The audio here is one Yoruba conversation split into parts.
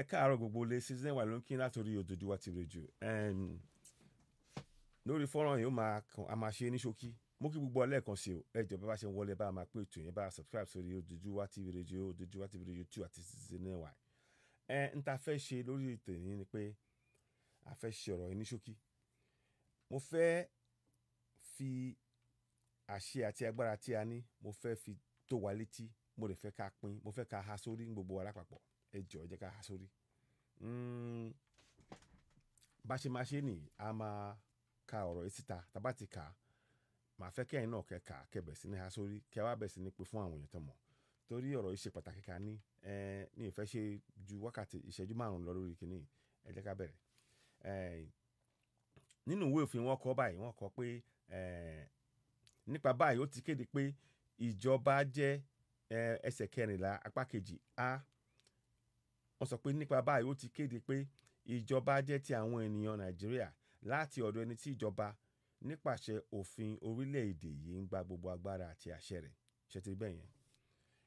ẹ káàárọ̀ gbogbo lè ṣe ṣẹ́wà ló ń kí látòrí Odòduwà TV Radio lórí fọ́nrán yìí ó máa kàn á máa ṣe ní ṣókí mú kí gbogbo ọlẹ́ẹ̀kan ṣe o ẹ jọ bá bá ṣe ń wọlé bá a máa pé ètò yẹn bá a subscribe sórí Odòduwà TV Radio Odòduwà TV Radio two àti ṣẹ́wà ẹ n ta fẹ́ ṣe lórí ètò yìí ni pé a fẹ́ ṣe ọ̀rọ̀ yìí ní ṣókí mo fẹ́ fi àṣẹ àti agbára tí a ní mo fẹ́ fi tó wa létí mo lè fẹ́ ká pín mo fẹ́ ká há sórí gbogbo wa lápapọ̀ ẹ jọ̀ọ́ ẹ jẹ́ ká há sórí hmm, bá ṣe máa ṣe nì a máa ka ọ̀rọ̀ yìí síta tá a bá ti kà á màá fẹ́ kẹ́yìn náà kẹ́ kà á kẹ́ bẹ̀ sí ní há sórí kẹ́ wá bẹ̀ sí ní pé fún àwọn èèyàn tó mọ̀ torí ọ̀rọ̀ yìí ṣe pàtàkì ká ní ẹ ní ìfẹ́ ṣe ju wákàtí ìṣẹ́jú márùn-ún lọ lórí kìíní ẹ ká bẹ̀rẹ̀ nínú ìwé òfin wọn kọ báyìí wọn kọ pé nípa báyìí ó ti kéde pé ìjọba jẹ́ ẹsẹ̀ kẹrìnlá apá kejì a Wọ́n sọ pé nípa báyìí ó ti kéde pé ìjọba jẹ́ ti àwọn ènìyàn Nàìjíríà láti ọ̀dọ̀ ẹni tí ìjọba nípasẹ̀ òfin orílẹ̀ èdè yìí ń gba gbogbo agbára àti àṣẹ rẹ̀. Ṣé ti rí bẹ́ẹ̀ yẹn?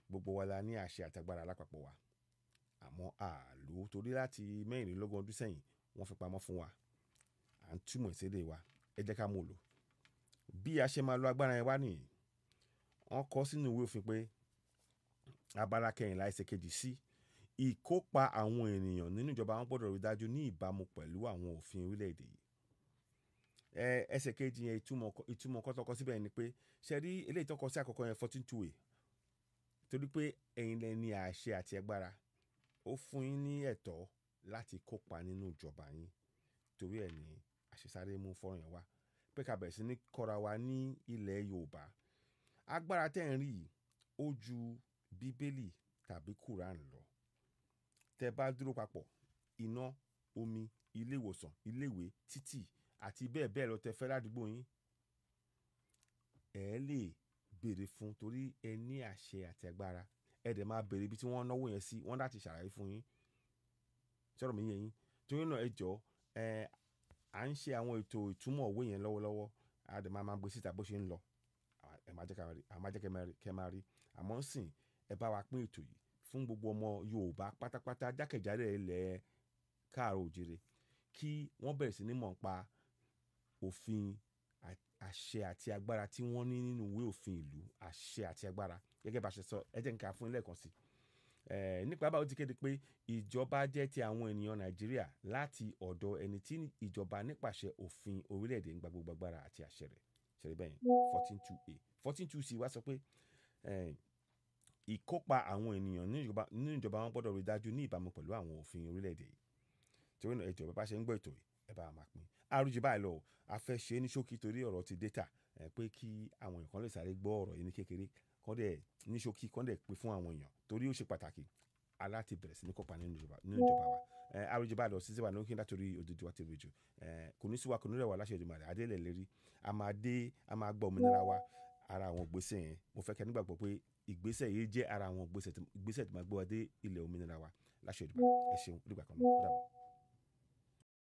Gbogbo wa la ní àṣẹ àti agbára lápapọ̀ wa. Àmọ́ a lò ó torí láti mẹ́rìnlélógún ọdún sẹ́yìn wọ́n fi pamọ́ fún wa. À ń túmọ̀ ẹ̀ séde wa. Ẹ jẹ́ ká mú lò. Bí a ṣe máa lo agbára yẹn wá nìyí. Wọ́n kọ sínú ìwé òfin pé abala kẹrìnlá ẹsẹ̀ kejì sí ìkópa àwọn ènìyàn nínú ìjọba wọn gbọ́dọ̀ rí dájú ní ìbámu pẹ̀lú àwọn òfin orílẹ̀-èdè yìí. ẹ ẹsẹ̀ kejì yẹn ìtumọ̀ ìtumọ̀ kọ́ tọkọ síbẹ̀ ni pé ṣe rí eléyìí tọkọ sí àkọ́kọ́ yẹn fourteen two way torí pé ẹ̀yin lẹ ní àṣẹ àti agbára ó fún yín ní ẹ̀tọ́ láti kópa nínú ìjọba yín torí ẹ̀ ní àṣesáré mú fọ́nrán yẹn wá pé ká bẹ̀rẹ̀ sí ní kọ́ra wa ní ilẹ̀ Yorùbá agbára tẹ́ ń rí yìí ó ju Bíbélì tàbí Quran lọ tẹ́ bá dúró papọ̀ iná omi ilé ìwòsàn ilé ìwé títì àti bẹ́ẹ̀ bẹ́ẹ̀ lọ tẹ́ fẹ́ ládùúgbò yín ẹ lè béèrè fún torí ẹ ní àṣẹ àti agbára ẹ dẹ̀ máa béèrè ibi tí wọ́n náwó yẹn sí wọ́n láti ṣàlàyé fún yín sọ̀rọ̀ mi yé yín torí náà ẹ jọ ẹ à ń ṣe àwọn ètò ìtumọ̀ òwe yẹn lọ́wọ́lọ́wọ́ a dẹ̀ máa máa gbé síta bó ṣe ń lọ ẹ máa jẹ́ kẹ́ máa rí àmọ́ ń sìn ẹ bá wa pín ètò yìí fún gbogbo ọmọ Yorùbá pátápátá jákèjádò ilẹ̀ káàrọ̀ òjìrè kí wọ́n bẹ̀rẹ̀ sí ní mọ̀ nípa òfin àṣẹ àti agbára tí wọ́n ní nínú ìwé òfin ìlú àṣẹ àti agbára gẹ́gẹ́ bá a ṣe sọ ẹ jẹ́ n kà fún ilé ẹ̀kan sí i nípa báwo ti kéde pé ìjọba jẹ́ ti àwọn ènìyàn Nàìjíríà láti ọ̀dọ̀ ẹni tí ìjọba nípasẹ̀ òfin orílẹ̀-èdè ń gba gbogbo agbára àti àṣẹ rẹ̀ ṣẹlẹ̀ bẹ́yẹn fourteen two a fourteen two c wá sọ pé ìkópa àwọn ènìyàn nínú ìjọba nínú ìjọba wọn gbọ́dọ̀ rí dájú ní ìbámu pẹ̀lú àwọn òfin orílẹ̀-èdè yìí torí náà ètò ìbá ṣe ń gbọ́ ètò yìí ẹ bá máa pín àrùjì báyìí lọ a ṣe ní ṣókí torí ọ̀rọ̀ ti data ẹ pé kí àwọn èèyàn kan lè sáré gbọ́ ọ̀rọ̀ yìí ní kékeré kán dẹ̀ ní ṣókí kán dẹ̀ pín fún àwọn èèyàn torí ó ṣe pàtàkì aláti bẹ̀rẹ̀ sí ní kópa nínú ìjọba wa àrùjì báyìí lọ sí síwá lókè látòrí Odùduwà TV jù kò ní síwá kò ní rẹwà láṣẹ Èdùmàrè adélẹ̀ lérí a máa dé a máa gbọ́ òmìnira wa ara àwọn ògbésẹ̀ yẹn mo fẹ́ kẹ́ nígbàgbọ́ pé ìgbésẹ̀ yìí jẹ́ ara àwọn ìgbésẹ̀ tí máa gbé wa dé ilẹ̀ òmìnira wa láṣẹ ìdìbò ẹ ṣeun ìdìbò àkànlò